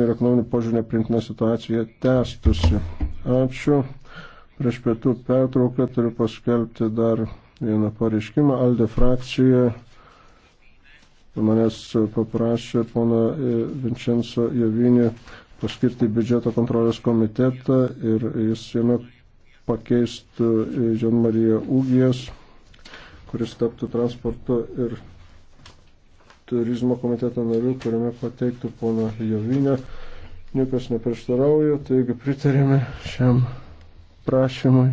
ir ekonominių požiūrį neprintina situacija tęstusi. Ačiū. Prieš pietų pertrauką turiu paskelbti dar vieną pareiškimą. Alde frakcija manęs paprašė pono e, Vincenzo Jovinį paskirti biudžeto kontrolės komitetą ir jis jame pakeistų Jean Mariją Ūgijas, kuris taptų transporto ir turizmo komiteto narių, kuriame pateiktų pono Jovinio. Niekas neprieštarauja, taigi pritarėme šiam prašymui.